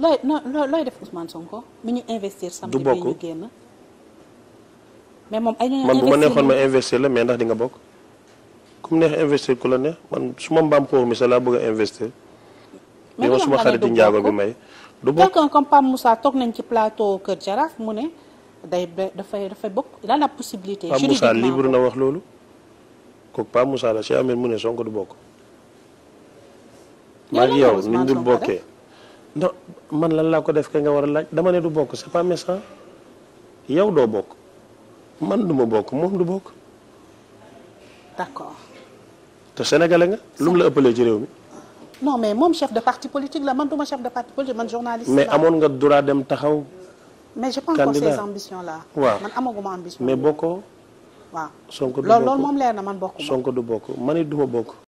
looy looy def Ousmane Sonko mi ñu investir. samedi bi ñu génn mais moom ay ñu man bu ma neexoon ma investir la mais ndax di nga bokk. ku mu neex investir ku la neex man su ma mbaam pour mi sa laa bëgg investir. mais yow suma xarit di du bokk quelqu'un comme nañ ci plateau Kër Jaraaf ne day dafay dafay bokk il a la possibilité. libre na wax loolu. kooku Pape la Cheikh Amine mu ne Sonko du bokk. maa ngi yow ñu bokkee. non man lan laa ko def ka nga war a laaj dama ne du bokk c'est pas méchant yow doo bokk man du ma bokk moom du bokk. d'accord. te sénégalais nga lu mu la ëppalee ci réew mi. non mais moom chef de parti politique la man du ma chef de parti politique man journaliste mais amoon nga droit dem taxaw. mais j'ai pas encore ces ambitions là. man amaguma ambition. mais bokkoo. waaw Sonko du bokk loolu loolu man bokkuma Sonko du bokk man it du ma bokk.